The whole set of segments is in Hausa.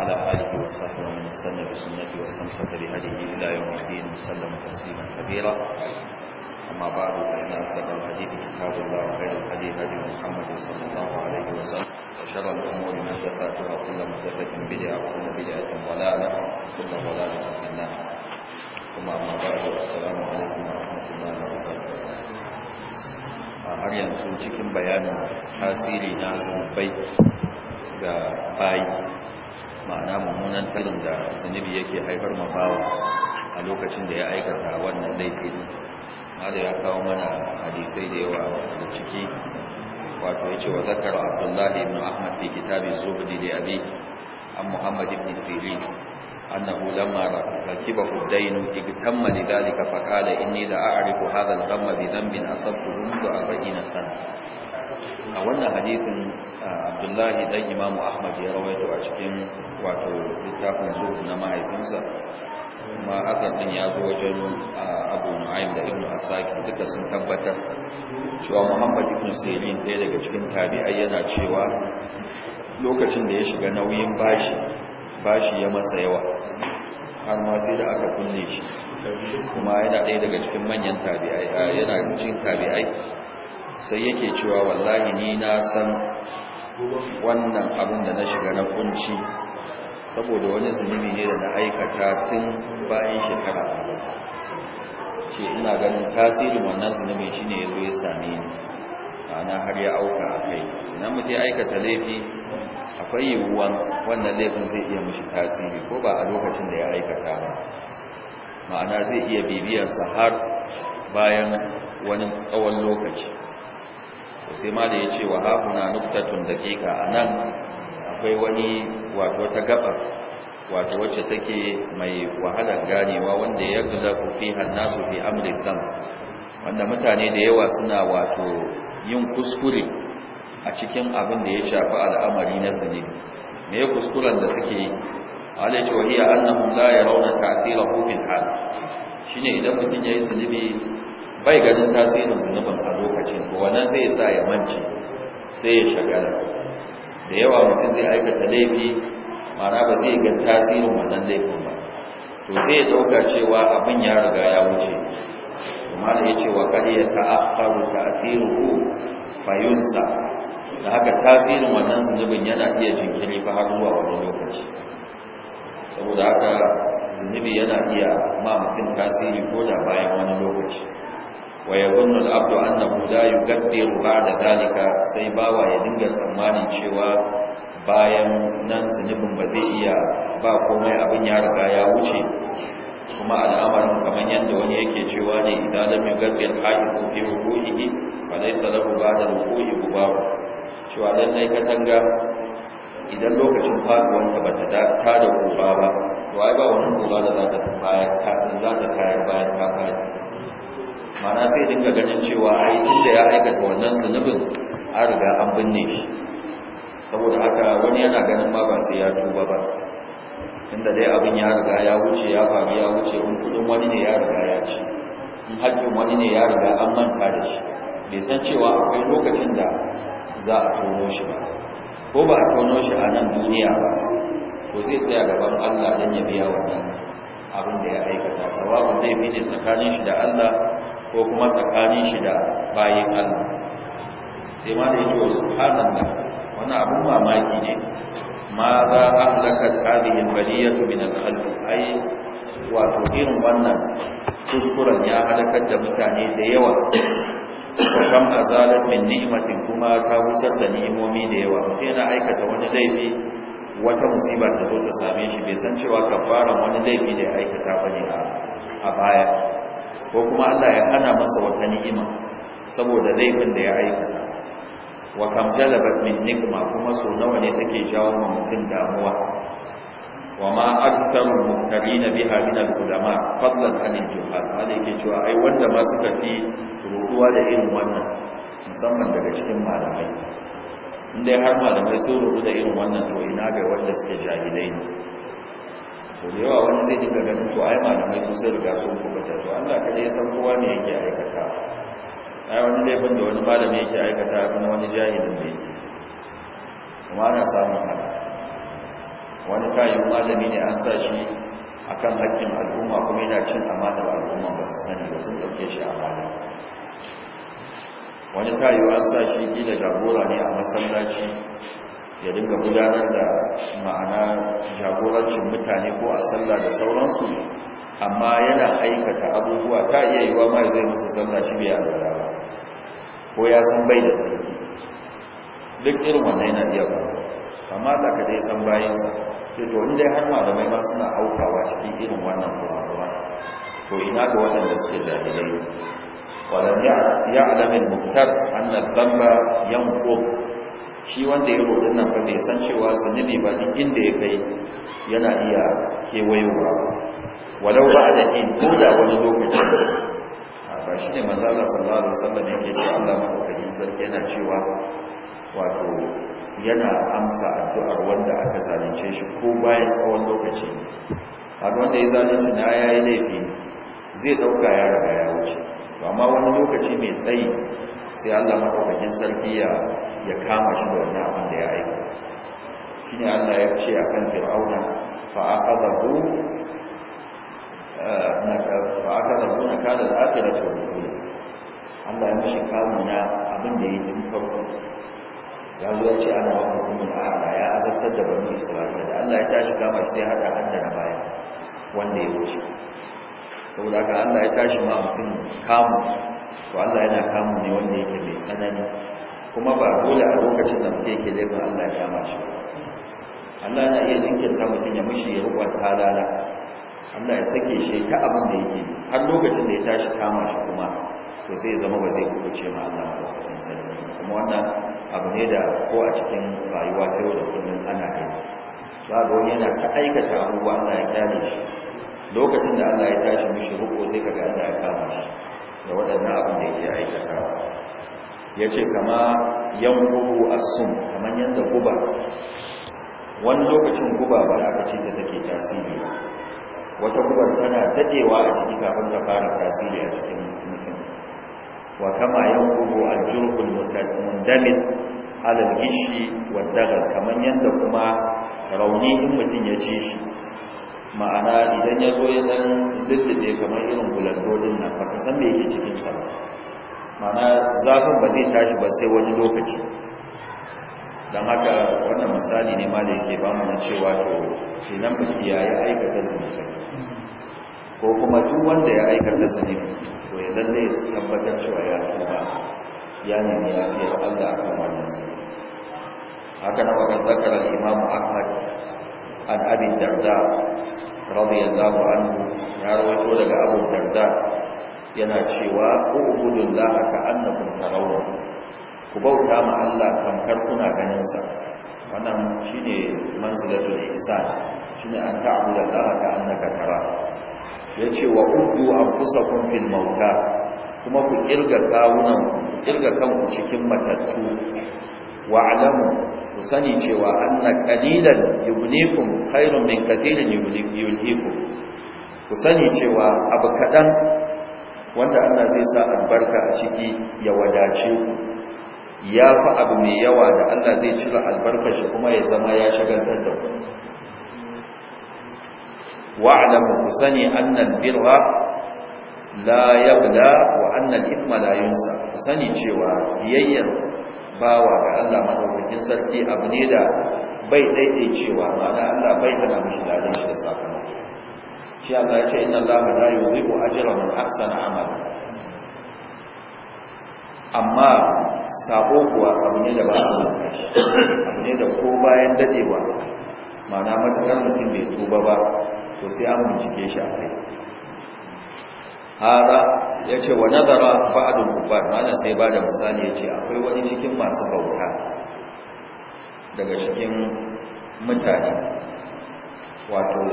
وعلى آله وصحبه ومن استنى بسنته واستمسك بهديه إلى يوم الدين وسلم تسليما كبيرا أما بعد فإن أصدق الحديث كتاب الله وخير الحديث هدي محمد صلى الله عليه وسلم وشر الأمور محدثاتها وكل محدثة بدعة وكل بدعة ضلالة وكل ضلالة في النار ثم أما بعد والسلام عليكم ورحمة الله وبركاته har yanzu cikin bayanin tasiri na zunubai ga bayi ma'ana mummunan irin da zunubi yake haifar mafawa a lokacin da ya aikata wannan laifin mada ya kawo mana hadisai da yawa a ciki wato ya ce wa zakar abdullahi ibn ahmad fi kitabi zuhdi da abi an muhammad ibn sirri annahu lamma rakiba hudain fi tamma dalika faqala inni la a'rifu hadha al-ghamma bi dhanbin a 40 sana a wannan hadithin abdullahi dan imamu ahmad ya rawaito a cikin wato littafin zuhud na mahaifinsa kuma akan din ya zo wajen abu nu'aym da ibnu asaki duka sun tabbatar cewa muhammad ibn sirin daya daga cikin tabi'ai yana cewa lokacin da ya shiga nauyin bashi bashi ya masa yawa har ma sai da aka kunne shi kuma yana ɗaya daga cikin manyan tabi'ai yana cikin tabi'ai sai yake cewa wallahi ni na san wannan abin da na shiga na kunci saboda wani zunubi ne da na aikata tun bayan shekara ce ina ganin tasirin wannan zunubi shine yazo ya same ni ana har ya auka akai idan mutum aikata laifi akwai yiwuwan wannan laifin zai iya mashi tasiri ko ba a lokacin da ya aikata ba ma'ana zai iya bibiyarsa har bayan wani tsawon lokaci sai ma da ya ce wa hahuna nuktatun daƙiƙa a nan akwai wani wato ta gaba wato wacce take mai wahalar ganewa wanda ya fi kufi hannasu fi amurin zan wanda mutane da yawa suna wato yin kuskure a cikin abin da ya shafi al'amari na zane me ya kuskuren da suke yi alai ce wahiya annahum la yarawna ta'thirahu fil hal ne idan mutum ya yi zunubi bai ganin tasirin zunubin a lokacin ko wannan zai sa ya mance sai ya shagala da yawa mutum zai aikata laifi mana ba zai ga tasirin wannan laifin ba to sai ya dauka cewa abin ya riga ya wuce amma da ya ce wa kadi ya ta'akkaru fa fayunsa da haka tasirin wannan zunubin yana iya jinkiri fa har zuwa wani lokaci saboda haka zunubi yana iya ma mutum tasiri ko da bayan wani lokaci wa yakunu al-abdu annahu la yuqaddiru ba'da zalika sai bawa ya dinga tsammanin cewa bayan nan zunubin ba zai iya ba komai abin ya riga ya wuce kuma al'amarin kamar yadda wani yake cewa ne idan lam yuqaddir ha'iqu fi wuqu'ihi fa laysa lahu ba'da wuqu'i gubab cewa dai katanga idan lokacin faduwar ta bata ta da ba, to ai ba wani gobara da za ta baya ta za ta rinka ganin cewa ai inda ya aikata wannan zunubin an riga an binne shi saboda haka wani yana ganin ma ba sai ya tuba ba inda dai abin ya riga ya wuce ya faru ya wuce in kudin wani ne ya riga ya ci in haƙƙin wani ne ya riga an manta da shi bai san cewa akwai lokacin da za a tono shi ba ko ba a tono shi a nan duniya ba ko zai tsaya gaban Allah dan ya biya wannan abin da ya aikata sawabin zai ne tsakanin shi da Allah ko kuma tsakanin shi da bayin Allah sai ma da yake wa subhanallah wani abin mamaki ne ma za a halakat hadihin baliyatu min alhalli A ai wato irin wannan kuskuren ya halakar da mutane da yawa kam azalat min ni'matin kuma ta wusar da ni'imomi da yawa mutum yana aikata wani laifi wata musiba ta zo ta same shi bai san cewa kafara wani laifi da ya aikata ba ne a baya ko kuma Allah ya hana masa wata ni'ima saboda laifin da ya aikata wa kam jalabat min nikma kuma so nawa ne take jawo ma mutum damuwa wa ma aktaru muktarina biha min al-ulama fadlan an al-juhal wanda yake cewa ai wanda ma suka fi ruwa da irin wannan musamman daga cikin malamai inda har malamai sun rubu da irin wannan to ina ga wanda suke jahilai to da yawa wani zai dinga ganin to ai malamai su sai riga sun kubuta to Allah kada ya san kowa ne yake aikata ai wani laifin da wani malami yake aikata kuma wani jahilin ne yake kuma ana samun haka wani kayan malami ne an sa shi akan haƙƙin al'umma kuma yana cin amanar al'umma ba su sani ba sun ɗauke shi a amana wani tayu an sa shi gina jagora ne a masallaci ya dinga gudanar da ma'ana jagorancin mutane ko a sallah da sauransu amma yana aikata abubuwa ta iya yiwa ma zai musu sallah shi bai da ba ko ya san bai da sarki duk irin wannan yana iya ba amma da ka dai san bayansa sai to har ma har malamai ma suna aukawa cikin irin wannan kuma to ina ga waɗanda suke dalilai? ولم يعلم المبتر أن الذنب ينقض shi wanda ya roƙi nan bai san cewa zunubi ba duk inda ya kai yana iya kewayowa walau ba da in ko da wani lokaci ba shi ne mazala sallallahu alaihi wasallam yake cewa Allah yana cewa wato yana amsa addu'ar wanda aka zalunce shi ko bayan tsawon lokaci har wanda ya zalunci na yayi laifi zai dauka ya riga ya wuce To amma wani lokaci mai tsayi sai Allah madaukakin sarki ya ya kama shi da wannan abin da ya aika shine Allah ya ce akan fir'auna fa aqadahu eh, fa aqadahu nakala al-akhiratu Allah ya mishi kama na abin da ya tun farko ya zo ya ce ana wa hukumin ala ya azabtar da bani isra'ila da Allah ya tashi kama shi sai hada handa na baya wanda ya wuce saboda haka Allah ya tashi ma mutum kamu to Allah yana kamu ne wanda yake mai tsanani kuma ba dole a lokacin da mutum yake laifin Allah ya kama shi Allah na iya jinkirta mutum ya mishi ya rubuta halala Allah ya sake shi ta abin da yake har lokacin da ya tashi kama shi kuma to sai zama ba zai kuce ma Allah ba cikin sarki kuma wannan abu ne da ko a cikin rayuwa ta yau da kullum ana gani ba ga wani yana ta aikata abubuwa Allah ya kare shi lokacin da Allah ya tashi mishi ruko sai kaga Allah ya kama shi da waɗannan abin da yake aikata ya ce kama a sun kamar yadda guba wani lokacin guba ba da aka ce ta take tasiri wata guba tana dadewa a ciki kafin ta fara tasiri a cikin mutum wa kama jirgin aljurhul mundamit alal gishi wa dagal kamar yadda kuma rauni in mutum ya ci shi ma'ana idan ya zo ya da lullube kamar irin bulanto din nan ba ka san me yake cikin sa ba ma'ana zafin ba zai tashi ba sai wani lokaci don haka wannan misali ne ma da yake ba mu cewa to nan ba ki yayi aikata zunubi ko kuma duk wanda ya aikata zunubi to ya lalle su tabbatar cewa ya tuba ya nemi yafiyar Allah a wannan zunubi haka na wakar zakarar imamu imam Ahmad an abin darda رضي الله ya rawaito daga abu darda yana cewa ubudun laha ka annakum tarawun ku bauta ma Allah kamkar kuna ganin sa wannan shine manzilatul ihsan shine an ta'budu Allah ka annaka tara yace wa anfusakum fil mauta kuma ku kirga kawunan kirga kanku cikin matattu wa'lamu ku sani cewa anna qalilan yubnikum khairun min katirin yubnikum ku sani cewa abu kaɗan, wanda ana zai sa albarka a ciki ya wadace ku ya fi abu mai yawa da Allah zai cire albarkar shi kuma ya zama ya shagantar da ku wa'lamu ku sani annan birra la yabla wa annan ithma yunsa ku sani cewa biyayyar bawa ga Allah madaukakin sarki abu ne da bai ba ma'ana Allah bai da mishi ladan shi da sakamako shi Allah ya ce inna Allah la yuzibu ajra man ahsana amala amma sabo kuwa abu ne da ba a abu ne da ko bayan dadewa ma'ana matsalar mutum bai tuba ba to sai an bincike shi a kai hada ya ce wa nazara ba'adun kufar mana sai ba da misali ya ce akwai wani cikin masu bauta daga cikin mutane wato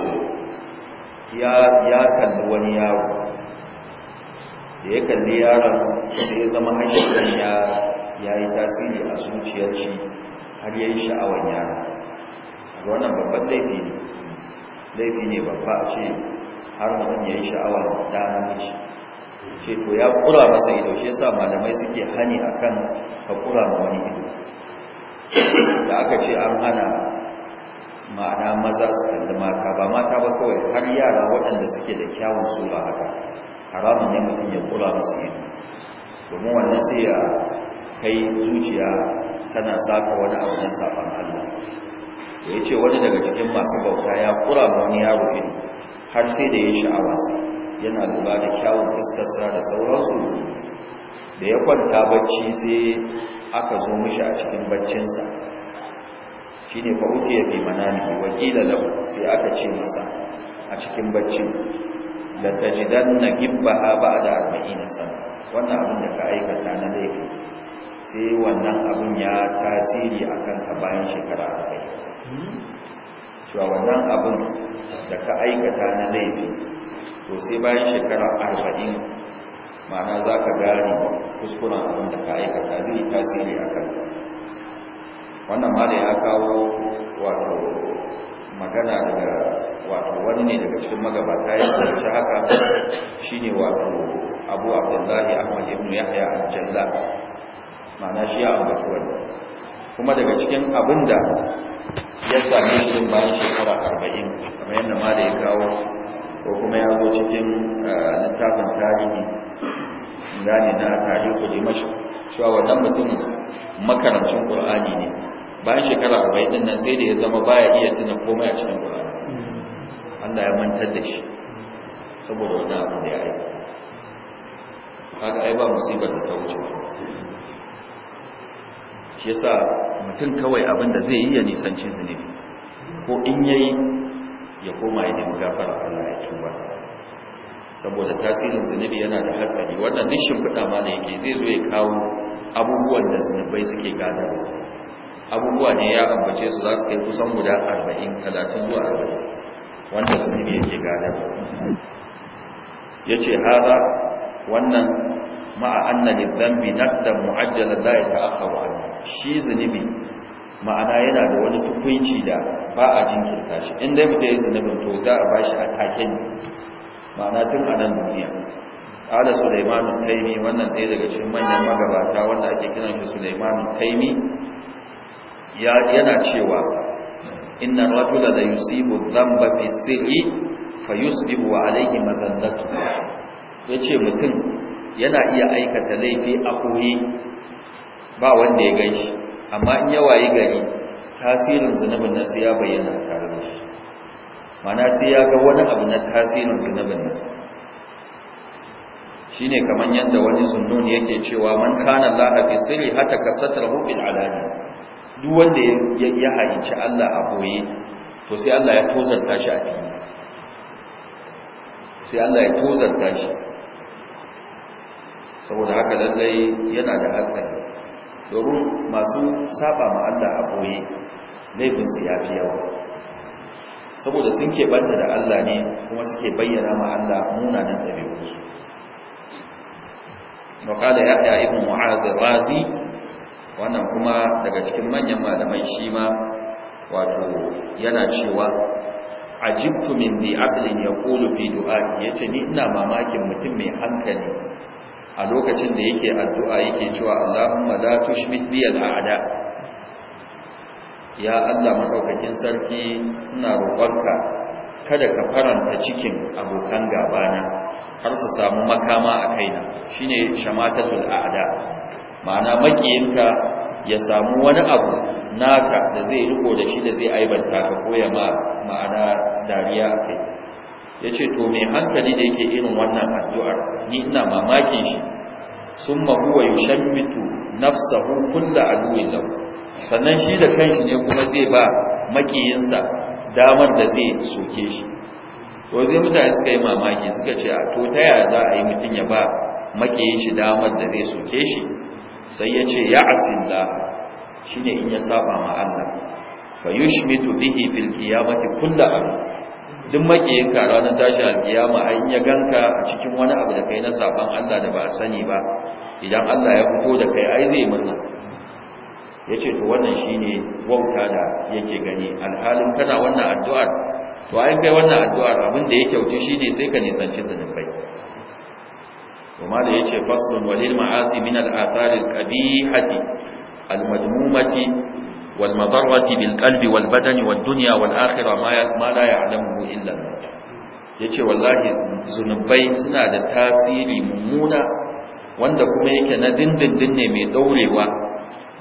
ya kalli wani yaro da ya kalli yaron da ya zama da ya yi tasiri a zuciyar shi har ya yi sha'awar yaron wannan babban laifi ne laifi babba ce har mutum ya yi sha'awa da namiji ce to ya kura masa ido shi yasa malamai suke hani akan ka kura ma wani ido da aka ce an hana ma'ana maza su kalli mata ba mata ba kawai har yara waɗanda suke da kyawun sura haka haramun ne mutum ya kura masu ido domin wannan sai ya kai zuciya tana saka wani abu na saban Allah ya ce wani daga cikin masu bauta ya kura ma wani yaro ido har sai da ya sha'awa yana lura da kyawun fuskarsa da sauransu da ya kwanta bacci sai aka zo mishi a cikin baccinsa shi ne fa'uti ya mana manami wakila lahu sai aka ce masa a cikin baccin da ta ji don na gibba ha ba da na sana wannan abin da ka aikata na laifin sai wannan abin ya tasiri a kanka bayan shekara arba'in cewa wannan abin da ka aikata na laifi to sai bayan shekara arba'in ma'ana za ka gane kuskuren abin da ka aikata zai tasiri a kan wannan ma da ya kawo wato magana daga wato wani ne daga cikin magabata ya zarce haka shine wato abu abdullahi ahmad ibn yahya al-jalla ma'ana shi ya ambaci wannan kuma daga cikin abin da ya same shi bayan shekara arba'in kamar yadda ma da ya kawo ko kuma ya zo cikin eh, littafin tarihi gani na tarihi mashi cewa wannan mutum makarancin qur'ani ne bayan shekara arba'in din nan sai da ya zama baya iya tuna komai a cikin qur'ani Allah ya mantar da shi saboda wannan abu da ya yi. kaga ai ba musibar da ta wuce shi yasa mutum kawai abin da zai yi ya nisanci zunubi ko in yayi ya koma ya nemi gafara Allah ya tuba saboda tasirin zunubi yana da hatsari wannan duk shimfiɗa ma ne yake zai zo ya kawo abubuwan da zunubai suke gada abubuwa ne ya ambace su za su kai kusan guda 40 talatin zuwa 40 wanda zunubi yake Ya yace haza wannan ma'a anna lidhanbi naqdan mu'ajjalan la yata'akhkharu anhu shi zunubi ma'ana yana da wani tukunci da ba a jinkirta shi in dai mutum ya zunubin to za a ba a taken ma'ana tun a nan duniya ƙada sulaimanu taimi wannan ɗaya daga cikin manyan magabata wanda ake kiran shi suleimanu taimi yana cewa inna rajula la yusibu dhanba fi sirri fayusbihu alayhi mazallatu ce mutum yana iya aikata laifi a koyi ba wanda ya gan amma in yawa yi gani, tasirin zunubin nan sai ya bayyana a tare da shi mana sai ya ga wani abu na tasirin zunubin nan shi ne kamar yadda wani zunnun yake cewa man kana laha sirri hata kasatar hukun alani duk wanda ya haici Allah a boye to sai Allah ya tozarta shi a fili sai Allah ya tozarta shi saboda haka lallai yana da hatsari domin masu saba ma Allah a boye laifinsu ya fi yawa saboda sun ke banta da Allah ne kuma suke bayyana ma Allah munanan ɗabi'unsu makala ya ɗaya ibn mu'adar razi wannan kuma daga cikin manyan malamai shi ma wato yana cewa a ajibtu min bi ya kulu fi du'a ce ni ina mamakin mutum mai hankali a lokacin da yake addu'a yake cewa Allahumma la tushmit bi al'ada ya Allah madaukakin sarki ina roƙonka kada ka faranta cikin abokan gabana har su samu makama a kaina shine shamatatul a'da ma'ana makiyinka ya samu wani abu naka da zai riko da shi da zai aibanta ka ko ya ma ma'ana dariya a kai ya ce to mai hankali da yake irin wannan addu'ar ni ina mamakin shi sun mahuwa yi shammitu a kulla aduwin lau sannan shi da kanshi ne kuma zai ba makiyinsa damar da zai soke shi to zai mutane suka yi mamaki suka ce a to ta yaya za a yi mutum ya ba makiyin shi damar da zai soke shi sai ya ce ya asinda, shi ne in ya saba ma Allah fa yushmitu bihi fil qiyamati kulla aduwin duk makiyin ka ranar tashi alkiyama ai ya ganka a cikin wani abu da kai na saban Allah da ba a sani ba idan Allah ya fito da kai ai zai murna yace to wannan shine wauta da yake gani alhalin kana wannan addu'ar to ai kai wannan addu'ar abin da ya kyautu shine sai ka nisanci zunubai kuma da yace faslun walil ma'asi min al-athar al-qabihati al-madmumati والمضرة بالقلب والبدن والدنيا والآخرة ما لا يعلمه إلا الله yace wallahi zunubai suna da tasiri mummuna wanda kuma yake na dindindin ne mai daurewa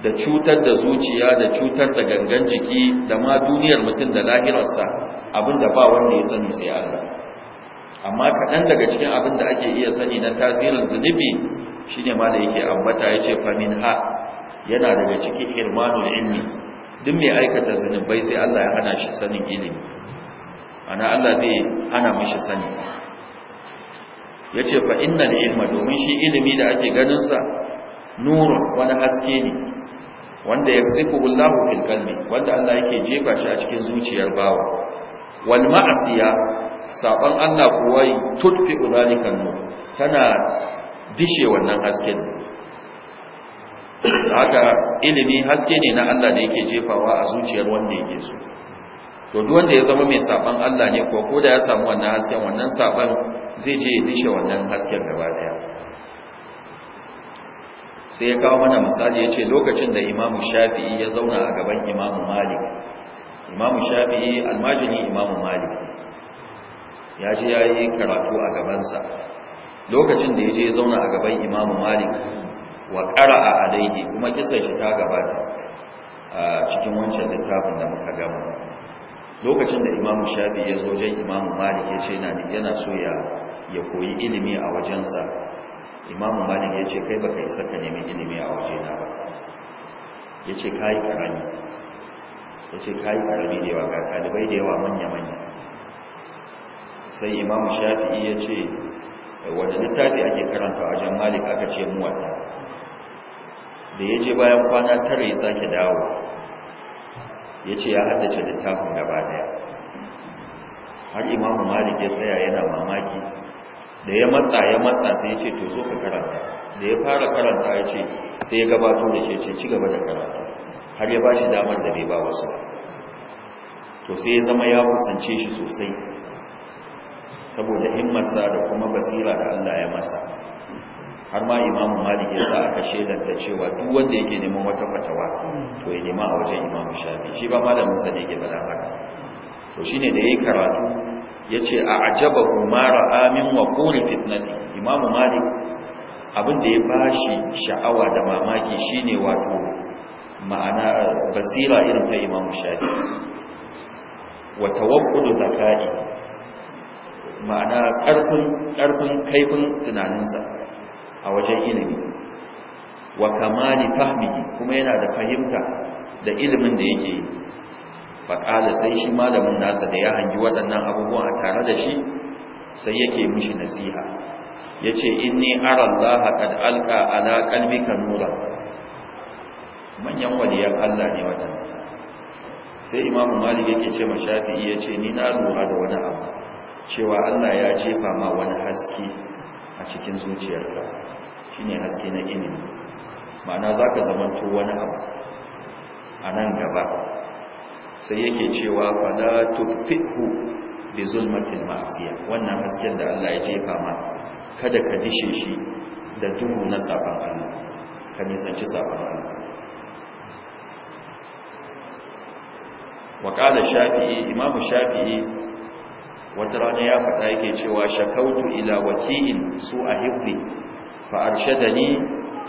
da cutar da zuciya da cutar da gangan jiki da ma duniyar mutum da lahirarsa abinda ba wanda ya sani sai Allah amma kaɗan daga cikin abin da ake iya sani na tasirin zunubi shine ma da yake ambata yace famin ha yana daga cikin irmanul ilmi duk mai aikata zunubai sai Allah ya hana shi sanin ilimi ana Allah zai hana mishi sani ya ce fa innal ilma domin shi ilimi da ake ganinsa nurun wani haske ne wanda ya zifu Allahu fil qalbi wanda Allah yake jefa shi a cikin zuciyar bawa wal ma'asiya saban Allah kuwa tutfi ulalikan nur tana dishe wannan hasken haka ilimi haske ne na Allah da yake jefawa a zuciyar wanda yake so to duk wanda ya zama mai saban Allah ne ko koda ya samu wannan hasken wannan saban zai je ya dishe wannan hasken gaba daya sai ya kawo mana misali ya ce lokacin da imamu shafi'i ya zauna a gaban imamu malik imamu shafi'i almajini imamu malik ya je ya yi karatu a gabansa lokacin da ya je zauna a gaban imamu malik wa qara'a alayhi kuma kisa shi ta gabata da cikin wancan littafin da muka gama lokacin da imamu shafi ya zo wajen imamu malik ya ce yana so ya koyi ilimi a wajensa imamu malik ya ce kai baka isa ka nemi ilimi a wajena ba ya ce kayi karami ya ce kayi karami da yawa ga ɗalibai da yawa manya-manya sai imamu shafi'i ya ce wanda littafi ake karanta a jan malik aka ce muwatta da ya je bayan kwana tara ya sake dawo ya ce ya haddace littafin gaba daya har imamu malik ya tsaya yana mamaki da ya matsa ya matsa sai ya ce to zo ka karanta da ya fara karanta ya ce sai ya gabato da shi ce ci gaba da karanta har ya bashi damar da bai ba wasu to sai ya zama ya kusance shi sosai saboda himmarsa da kuma basira da Allah ya masa har ma Imam malik ya sa aka da cewa duk wanda yake neman wata fatawa to ya nema a wajen Imam shafi shi ba malamin sa ne yake faɗa haka to shine da yayi karatu yace a ajaba ma ra'a min wa qul fitnati Imam malik abin da ya bashi sha'awa da mamaki shine wato ma'ana basira irin ta Imam shafi wa tawaqqudu zakati ma'ana ƙarfin kaifin tunaninsa a wajen ilimi wa kamali fahmihi kuma yana da fahimta da ilimin da yake yi faƙala sai shi malamin nasa da ya hangi waɗannan abubuwan a tare da shi sai yake mishi nasiha ya ce inni arallaha kad alka ala kalbika nura manyan waliyan Allah ne waɗannan sai imamu malik yake ce ma yace ni na lura da wani abu cewa Allah ya jefa ma wani haske a cikin zuciyarka shine haske na ilimi ma'ana zaka zamanto wani abu a nan gaba sai yake cewa fala tukfihu bi zulmatil ma'siya wannan hasken da Allah ya jefa ma kada ka dishe shi da duhu na sabon Allah ka nisanci sabon Allah wa qala shafi'i imamu shafi'i wata rana ya faɗa yake cewa shakautu ila waki'in su a hibbi fa ni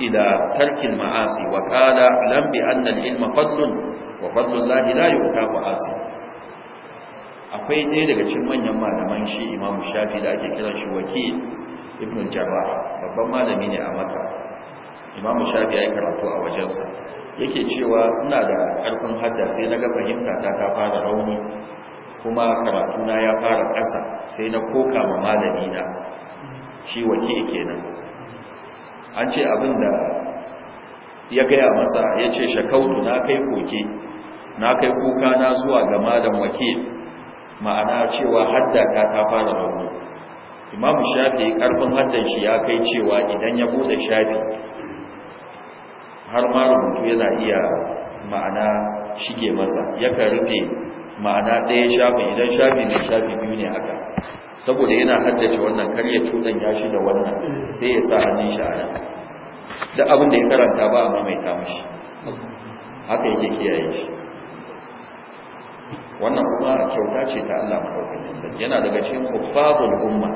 ila tarkin ma'asi wa qala lam bi ilma fadlun wa fadlun la yu'ta ma'asi akwai ɗaya daga cin manyan malaman shi Imam Shafi da ake kiran shi Wakil Ibn Jarrah babban malami ne a Makka Imam Shafi ya yi karatu a wajensa yake cewa ina da ƙarfin hadda sai naga fahimta ta ta fara rauni kuma karatuna ya fara ƙasa sai na koka ma malami na shi wake kenan an ce abin da ya gaya masa ya ce shakautu na kai koke na kai kuka na zuwa ga malam wake ma'ana cewa hadda ta ta fara rauni imamu shafi karfin haddan shi ya kai cewa idan ya bude shafi har ma rubutu yana iya ma'ana shige masa yakan rufe ma'ana ɗaya shafi idan shafi mai shafi biyu ne haka saboda yana haddace wannan kar ya shi da wannan sai ya sa hannun shi a nan duk abin da ya karanta ba a mai mashi haka yake kiyaye shi wannan kuma kyauta ce ta Allah madaukakin sa yana daga cikin kuffabul umma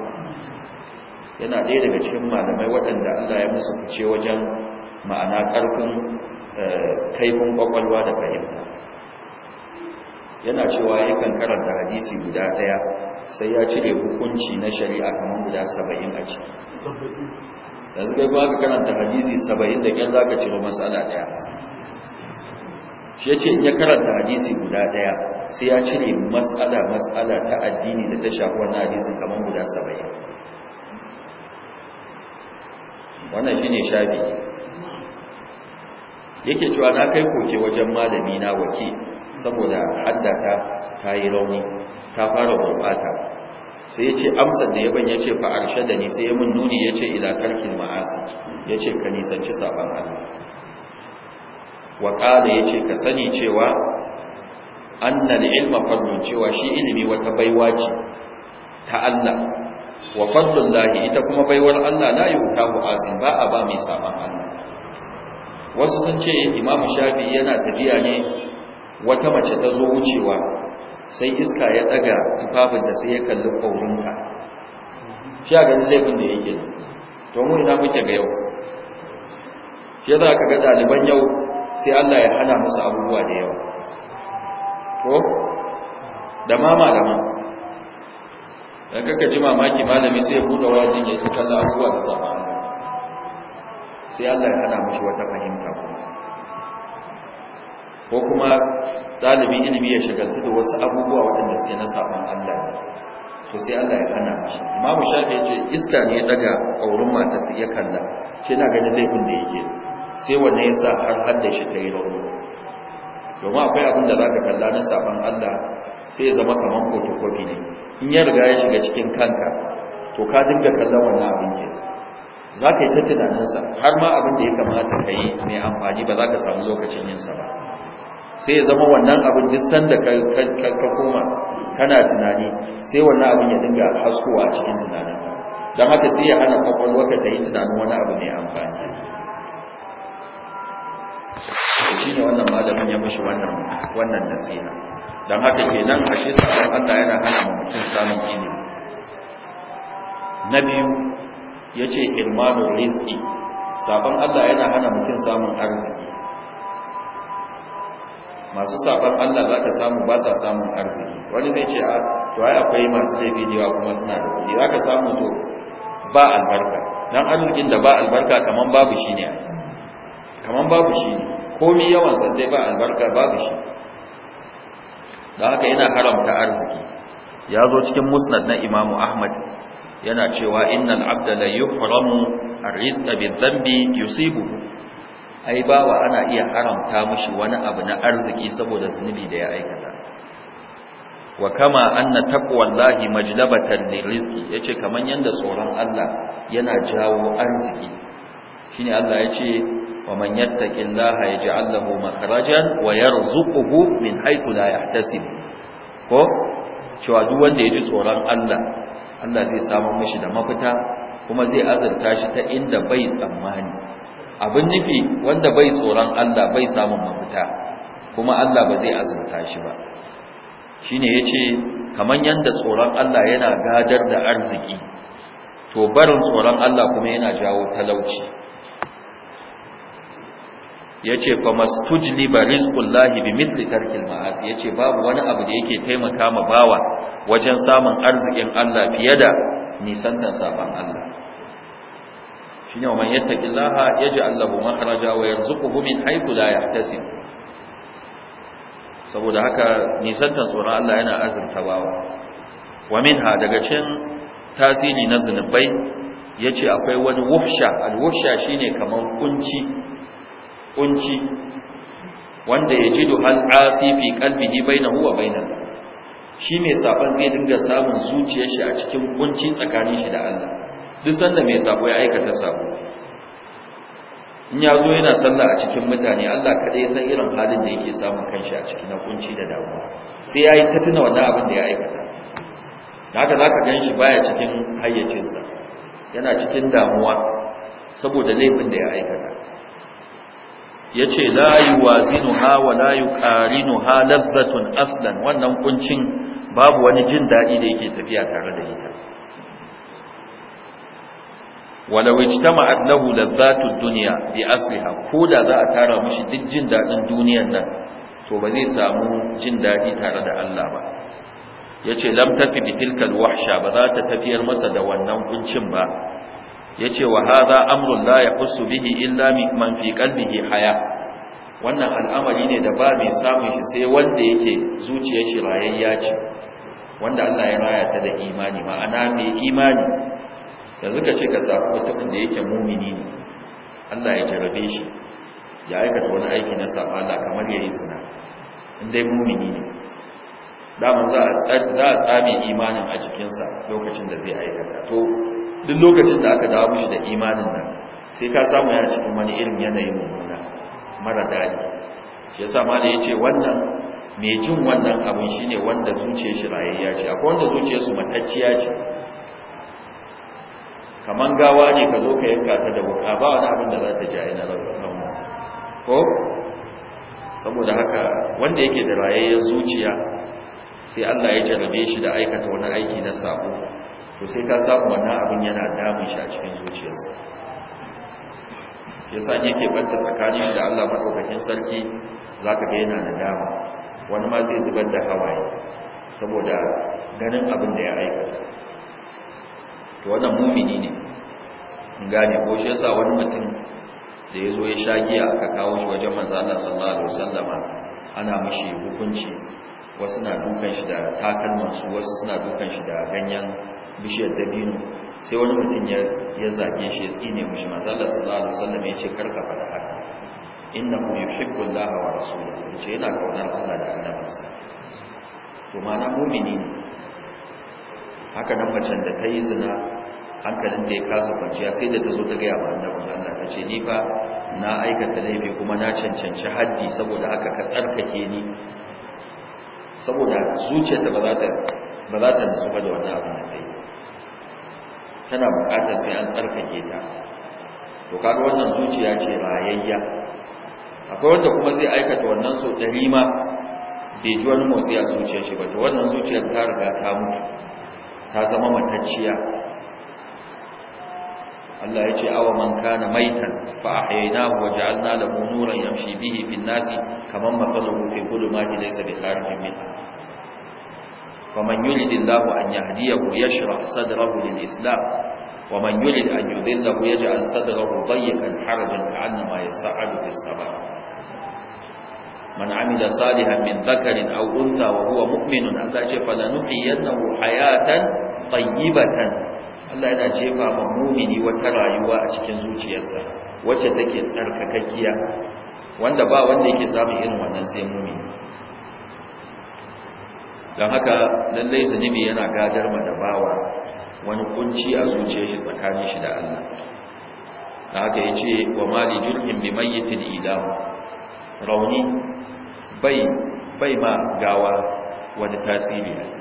yana ɗaya daga cikin malamai waɗanda Allah ya musu fice wajen ma'ana ƙarfin eh, kaifin ƙwaƙwalwa da fahimta yana cewa yakan karanta hadisi guda daya sai ya cire hukunci na shari'a kamar guda 70 a ciki yanzu kai ba ka karanta hadisi 70 da kyan zaka ciro mas'ala daya shi yace in ya karanta hadisi guda daya sai ya cire mas'ala mas'ala ta addini da ta shafi wannan hadisi kamar guda 70 wannan shine shafi yake cewa na kai koke wajen malami na wakil saboda hadda ta yi rauni ta fara gurbata sai ya ce amsar da ya ban ya ce fa'arshe da ni sai ya mun nuni ya ce ilatarkin ma'asi ya ce ka nisanci saban Allah wa ya ce ka sani cewa annal ilma fadlun cewa shi ilimi wata baiwa ce ta Allah wa fadlun lahi ita kuma baiwar Allah la yuka mu'asin ba a ba mai saban Allah wasu sun ce imamu shafi yana tafiya ne wata mace ta zo wucewa sai iska ya daga tufafin da sai ya kalli ƙaurinka shi a ganin laifin da yake to mu ina muke ga yau shi yadda aka ga ɗaliban yau sai Allah ya hana musu abubuwa da yau. ko da ma malama dan kaka ji mamaki malami sai ya buɗe wajen ya kalla abubuwa da zamani sai Allah ya hana mushi wata fahimta ko kuma ɗalibin ilimi ya shagaltu da wasu abubuwa waɗanda sai na sabon Allah to sai Allah ya hana shi imamu shafi ya ce iska ne ya daga auren matar ya kalla ce na ganin laifin da yake sai wanne ya sa har hadda shi ta yi rauni domin akwai abin da za ka kalla na saban Allah sai ya zama kamar fotokofi ne in ya riga ya shiga cikin kanka to ka dinga kallon wannan abin ke za ka yi ta tunaninsa har ma abin da ya kamata ka yi mai amfani ba za ka samu lokacin yinsa ba sai ya zama wannan abin duk sanda ka koma kana tunani sai wannan abin ya dinga haskowa a cikin tunanin don haka sai ya hana kwakwalwarka ta yi tunanin wani abu mai amfani shi ne wannan malamin ya mashi wannan nasiha don haka ke nan ashe sabon allah yana hana mutum samun ilimi na biyu ya ce ilmanin riski sabon allah yana hana mutum samun arziki masu sabon Allah za ka samu ba sa samun arziki wani zai ce a ah, to ai akwai masu laifi da kuma suna da kuɗi za ka samu to ba albarka dan arzikin da ba albarka kaman babu shi ne kaman babu shi ne komai yawan san dai ba albarka babu shi dan haka yana haramta arziki ya zo cikin musnad na Imam Ahmad yana cewa innal abda la yuhramu arrizqa bi dhanbi yusibu ai bawa ana iya haramta mushi wani abu na arziki saboda zunubi da ya aikata wa kama anna taqwallahi majlabatan lirizqi yace kaman yanda tsoron Allah yana jawo arziki shine Allah yace wa man yattaqillaha yaj'al lahu makhrajan wa yarzuquhu min haythu la yahtasib ko cewa duk wanda yaji tsoron Allah Allah zai samu mishi da mafita kuma zai azurta shi ta inda bai tsammani abin nufi wanda bai tsoron Allah bai samun mafita kuma Allah ba zai azurta shi ba shine yace kamar yanda tsoron Allah yana gadar da arziki to barin tsoron Allah kuma yana jawo talauci yace fa mastujliba bi bimithli tarkil ma'asi ce babu wani abu da yake taimaka ma bawa wajen samun arzikin Allah fiye da nisan sabon Allah shine wa man yattaqillaha yaj'al lahu makhraja wa yarzuquhu min haythu la yahtasib saboda haka nisantar tsoron Allah yana azanta bawa wa minha daga cin tasiri na zunubai yace akwai wani wufsha al-wufsha shine kamar kunci kunci wanda yajidu al-asi fi qalbihi bainahu wa bainal shi mai sabon zai dinga samun zuciyar shi a cikin kunci tsakanin shi da Allah duk sanda mai sako ya aikata sako in ya zo yana sallah a cikin mutane Allah kaɗai san irin halin da yake samun kanshi a cikin hukunci da damuwa sai ya yi ta tuna wannan abin da ya aikata da haka za ka gan shi baya cikin hayyacinsa yana cikin damuwa saboda laifin da ya aikata ya ce la yi wazinu ha wa la yi aslan wannan kuncin babu wani jin daɗi da yake tafiya tare da ita walau ijtama'at lahu ladhatud duniya bi asliha ko da za a tara mishi duk jin dadin duniyar nan to ba zai samu jin dadi tare da Allah ba yace lam tafi bi tilkal wahsha ba za ta tafiyar masa da wannan kuncin ba yace wa hadha amrun la yahussu bihi illa man fi qalbihi haya wannan al'amari ne da ba mai samun shi sai wanda yake zuciyar shi rayayya ce wanda Allah ya raya ta da imani ma'ana mai imani yanzu ka ce ka samu mutumin da yake mumini ne Allah ya jarabe shi ya aikata wani aiki na saba Allah kamar yayi zina in dai mumini ne damu za a tsame imanin a jikinsa lokacin da zai aikata to duk lokacin da aka dawo mishi da imanin nan sai ka samu yana cikin wani irin yanayin mummuna mara daɗi shi yasa ma da ya ce wannan mai jin wannan abin shine wanda zuciyar shi rayayya ce akwai wanda zuciyar su matacciya ce kaman gawa ne ka zo ka yanka ta da wuka ba wani abin da za ta jaye na mu ko saboda haka wanda yake da rayayyar zuciya sai Allah ya jarabe shi da aikata wani aiki na sabo to sai ka samu wannan abin yana damun shi a cikin zuciyarsa yasa yake banta tsakanin da Allah madaukakin sarki zaka ga yana da dama wani ma sai zubar da hawaye saboda ganin abin da ya aikata to wannan mumini ne gane ko shi yasa wani mutum da ya zo ya sha giya aka kawo shi wajen manzo Allah sallallahu alaihi wasallama ana mishi hukunci wasu na dukan shi da takalman su wasu suna dukan shi da ganyen bishiyar dabino sai wani mutum ya ya zage shi ya tsine mishi manzo Allah sallallahu alaihi wasallama ya ce karka fada haka innahu yuhibbu Allah wa rasuluhu ce yana kaunar Allah da annabinsa to ma'ana mu'mini ne haka nan macen da ta yi zina hankalin da ya kasa kwanciya sai da ta zo ta gaya wa Allah ta ce ni fa na aikata laifi kuma na cancanci haddi saboda haka ka tsarkake ni saboda zuciyarta ba za ta ba za ta da wannan abin da kai tana buƙatar sai an tsarkake ta to kaga wannan zuciya ce rayayya akwai wanda kuma zai aikata wannan so ɗari ma bai ji wani motsi a zuciyar shi ba to wannan zuciyar ta riga ta mutu ta zama matacciya Allah ya ce awa man na maitan fa ahyaynahu wa ja'alna lahu nuran yamshi bihi bin nasi kaman mathaluhu fi dhulumati laysa bi kharijin minha wa man yurid Allah an yahdiyahu yashrah sadrahu islam wa man yurid an yudillahu yaj'al sadrahu dayyakan harajan ka'anna ma yas'adu fis sama' man amila salihan min dhakarin aw untha wa huwa mu'minun Allah ya ce fa lanuhyiyannahu hayatan tayyibatan Allah yana jefa ma mumini wata rayuwa a cikin zuciyarsa wacce take tsarkakakkiya wanda ba wanda yake samun irin wannan sai mumini don haka lallai zunubi yana gadar ma da bawa wani kunci a zuciyar shi tsakanin shi da Allah da haka yace wa mali jirgin bi mayyitin ilam rauni bai bai ma gawa wani tasiri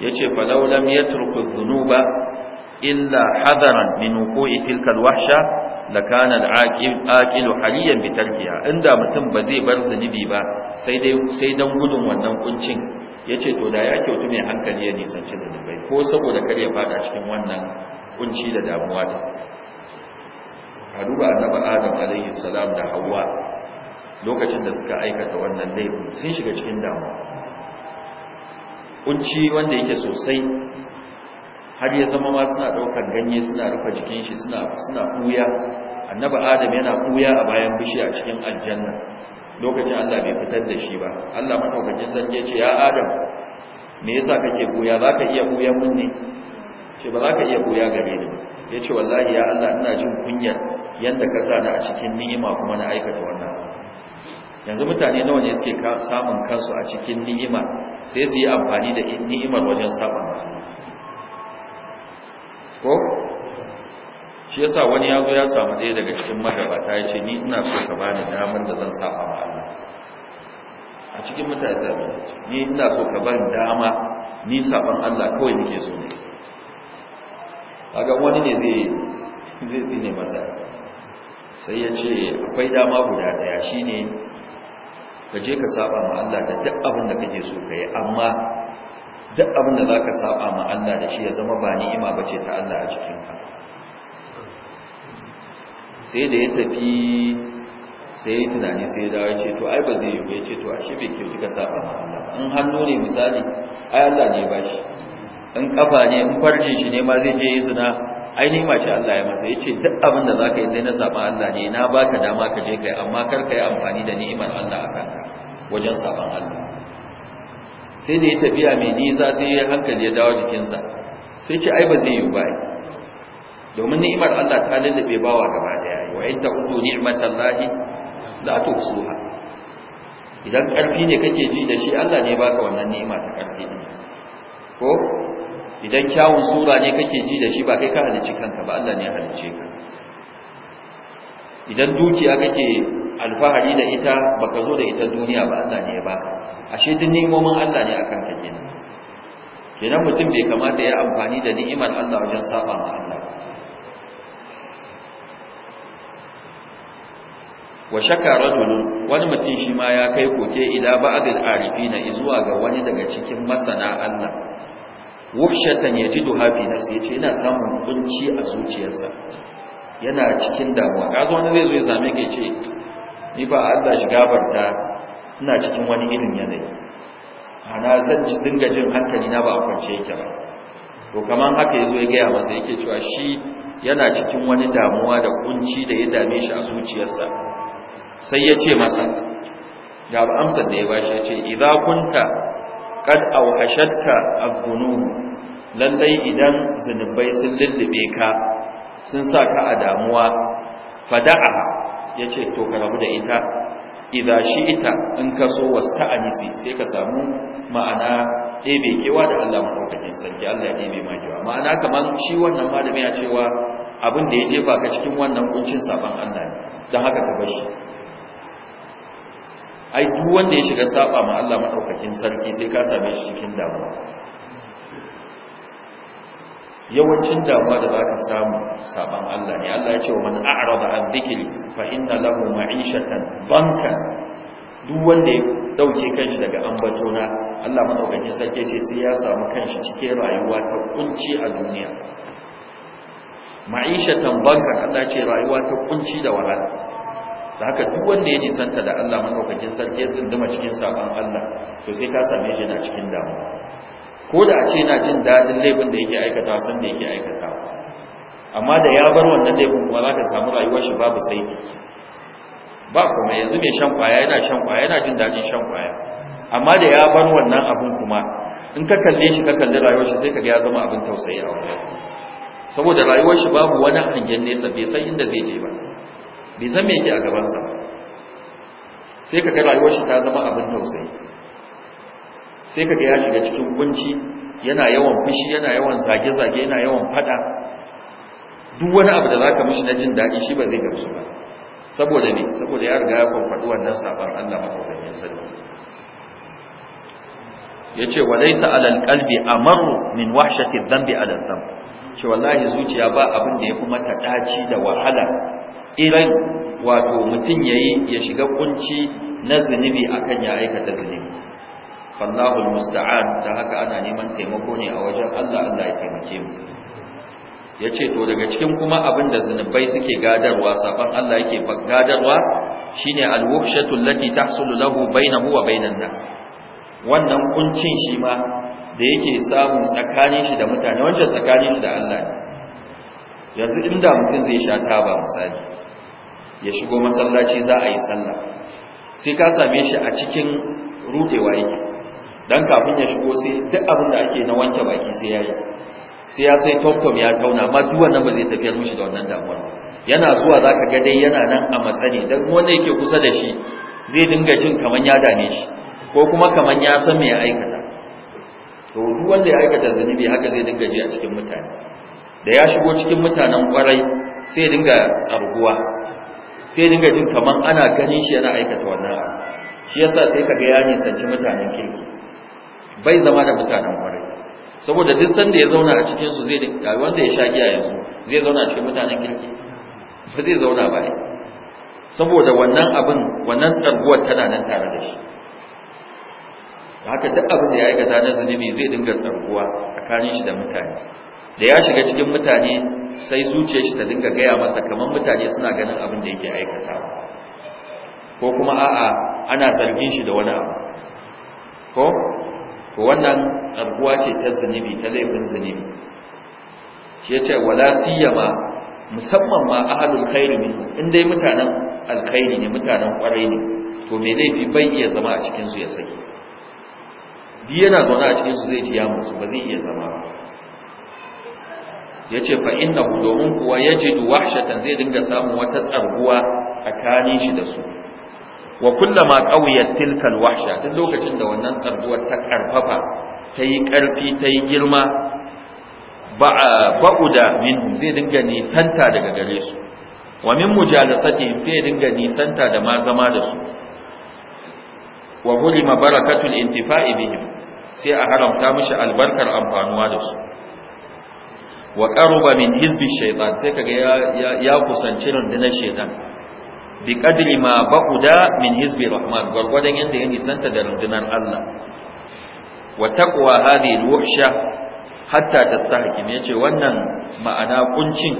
yace law lam yatruku dhunuba illa hadaran min wuqu'i tilka alwahsha lakana al-aqilu haliyan bi tarkiha inda mutum ba zai bar zunubi ba sai dai sai dan gudun wannan kuncin yace to da ya kyautu mai hankali ya nisanci zunubai ko saboda kar ya fada cikin wannan kunci da damuwa da ka duba annabi adam alaihi salam da Hauwa lokacin da suka aikata wannan laifin sun shiga cikin damuwa kunci wanda yake sosai har ya zama ma suna daukar ganye suna rufe jikin shi suna suna buya annabi adam yana buya a bayan bishiya cikin aljanna lokacin Allah bai fitar da shi ba Allah madaukakin sarki ya ce ya adam me yasa kake buya zaka iya buya mun ne ce ba zaka iya buya gare ni yace wallahi ya Allah ina jin kunya yanda ka sa ni a cikin ni'ima kuma na aikata wannan yanzu mutane nawa ne suke samun kansu a cikin ni'ima sai su yi amfani da ni'imar wajen saban ko shi yasa wani yazo ya samu ɗaya daga cikin magabata ya ce ni ina so ka bani damar da zan saba ma Allah a cikin mutane zabi ni ina so ka bani dama ni saban Allah kawai nake so ne kaga wani ne zai zai tsine masa sai ya ce akwai dama guda daya shine ka je ka saba ma Allah da duk abin da kake so ka yi amma duk abin da za ka saba ma Allah da shi ya zama ba ni'ima ba ce ta Allah a ka sai da ya tafi sai ya tunani sai ya dawo ya ce to ai ba zai yi ba ya ce to a shi bai kyau kika saba ma Allah in hannu ne misali ai Allah ne ba shi in kafa ne in farji shi ne ma zai je yi zina ai nima ce Allah ya masa ce duk abin da zaka yi dai na saban Allah ne na baka dama ka je kai amma kar ka yi amfani da ni'imar Allah a kanka wajen sabon Allah sai da ya tafiya mai nisa sai ya hankali ya dawo jikinsa sai ce ai ba zai yi ba domin ni'imar Allah ta lallabe bawa gaba da yayi wa in za ta kusu ha idan karfi ne kake ji da shi Allah ne baka wannan ni'ima ta karfi ko idan kyawun sura ne kake ji da shi ba kai ka halicci kanka ba Allah ne ya halicce ka idan dukiya kake alfahari da ita baka zo da ita duniya ba Allah ne ya ba, ashe duk ni'imomin Allah ne akan ka kenan kenan mutum bai kamata ya amfani da ni'imar Allah wajen saba ma Allah wa shakka rajulun wani mutum shi ma ya kai koke ila ba'd al-arifina zuwa ga wani daga cikin masana Allah wuhshatan yajiduha fi nafsi yace yana samun kunci a zuciyarsa yana cikin damuwa kazo wani zai zo ya same ka yace ni ba Allah shi gabarta ina cikin wani irin yanayi ana zan ji dinga jin hankali na ba a kwance yake ba to kaman haka yazo ya gaya masa yake cewa shi yana cikin wani damuwa da kunci da ya dame shi a zuciyarsa sai ya ce masa ga amsar da ya bashi ya ce idza kunta kad auhashatka abdunu lallai idan zunubai sun lullube ka sun sa ka a damuwa fada'a yace to ka rabu da ita shi ita in ka so wasta'anisi sai ka samu ma'ana ɗebe kewa da Allah madaukakin sarki Allah ya ɗebe makewa ma'ana kamar shi wannan malami ya cewa abin da ya jefa ka cikin wannan kuncin saban Allah don haka ka bar shi ai duk wanda ya shiga saba ma Allah madaukakin sarki sai ka same shi cikin damuwa yawancin damuwa da zaka samu saban Allah ne Allah ya ce wa man a'rada an dhikri fa inna lahu ma'ishatan bankan duk wanda ya dauke kanshi daga ambatona Allah madaukakin sarki ce sai ya samu kanshi cikin rayuwa ta kunci a duniya ma'ishatan bankan Allah ce rayuwa ta kunci da wahala da haka duk wanda ya nisanta da Allah madaukakin sarki ya tsinduma cikin sabon Allah to sai ka same shi na cikin damuwa ko da a ce yana jin dadin laifin da yake aikatawa san da yake aikatawa amma da ya bar wannan laifin kuma za ka samu rayuwar shi babu sai ba kuma yanzu mai shan kwaya yana shan kwaya yana jin dadin shan kwaya amma da ya bar wannan abun kuma in ka kalle shi ka kalli rayuwar shi sai ka ga ya zama abin tausayi a wajen saboda rayuwar shi babu wani hangen nesa bai san inda zai je ba bai zan yake a gabansa sai ka ga rayuwar shi ta zama abin tausayi sai ka ga ya shiga cikin kunci yana yawan fushi yana yawan zage-zage yana yawan fada duk wani abu da zaka mishi na jin daɗi shi ba zai gamsu ba saboda ne saboda ya riga ya kwamfaɗi wannan sabon Allah mafaɗin sarki ya ce wa laisa alal kalbi amaru min wahshati dhanbi ala dhanb ce wallahi zuciya ba abin da ya kuma mata ɗaci da wahala irai wato mutum yayi ya shiga kunci na zunubi akan ya aikata zunubi fallahul musta'an da haka ana neman taimako ne a wajen Allah Allah ya taimake mu Ya ce to daga cikin kuma abin da zunubai suke gadarwa saban Allah yake gadarwa shine alwahshatu allati tahsulu lahu bainahu wa bainan nas wannan kuncin shi ma da yake samu tsakanin shi da mutane wancan tsakanin shi da Allah ne yanzu inda mutum zai sha taba misali ya shigo masallaci za a yi sallah sai ka same shi a cikin rudewa yake dan kafin ya shigo sai duk abin da ake na wanke baki sai yayi sai ya sai tokkom ya kauna amma duk wannan ba zai tafiyar mishi da wannan damuwar yana zuwa zaka ga dai yana nan a matsani dan wanda yake kusa da shi zai dinga jin kaman ya dame shi ko kuma kaman ya san me ya aikata to duk wanda ya aikata zunubi haka zai dinga ji a cikin mutane da ya shigo cikin mutanen kwarai sai dinga tsarguwa sai dinga jin kaman ana ganin shi yana aikata wannan abu shi yasa sai ka ga ya nisanci mutanen kirki bai zama da mutanen kwarai saboda duk sanda ya zauna a cikin su zai wanda ya sha giya yanzu zai zauna a cikin mutanen kirki ba zai zauna ba saboda wannan abin wannan tsarguwar tana nan tare da shi haka duk abin da ya aikata na zunubi zai dinga tsarguwa tsakanin shi da mutane da ya shiga cikin mutane sai zuciyar shi ta dinga gaya masa kamar mutane suna ganin abin da yake aikata. ko kuma a'a ana zargin shi da wani abu ko ko wannan tsarguwa ce ta zunubi ta laifin zunubi shi ya ce wala siyama musamman ma ahalul khairi ne in dai mutanen alkhairi ne mutanen kwarai ne to me laifi bai iya zama a cikin ya saki bi yana zaune a cikinsu zai ji ya ba zai iya zama ba ya ce fa innahu domin kuwa ya ji duwashatan zai dinga samun wata tsarguwa tsakanin shi da su wa kullama qawiyat tilkal alwahsha duk lokacin da wannan tsarguwar ta karfafa ta yi ƙarfi, ta yi girma da minhum zai dinga nisanta daga gare su wa min mujalasatihim sai dinga nisanta da ma zama da su wa hulima barakatul intifa'i bihim sai a haramta mishi albarkar amfanuwa da su wa qaruba min hisbi shaytan sai kaga ya ya kusanci rundunar shaytan bi qadri ma baquda min hizbi rahman gurgurdan yadda ya nisanta da rundunar Allah wa taqwa hadhihi alwahsha hatta ya yace wannan ma'ana kuncin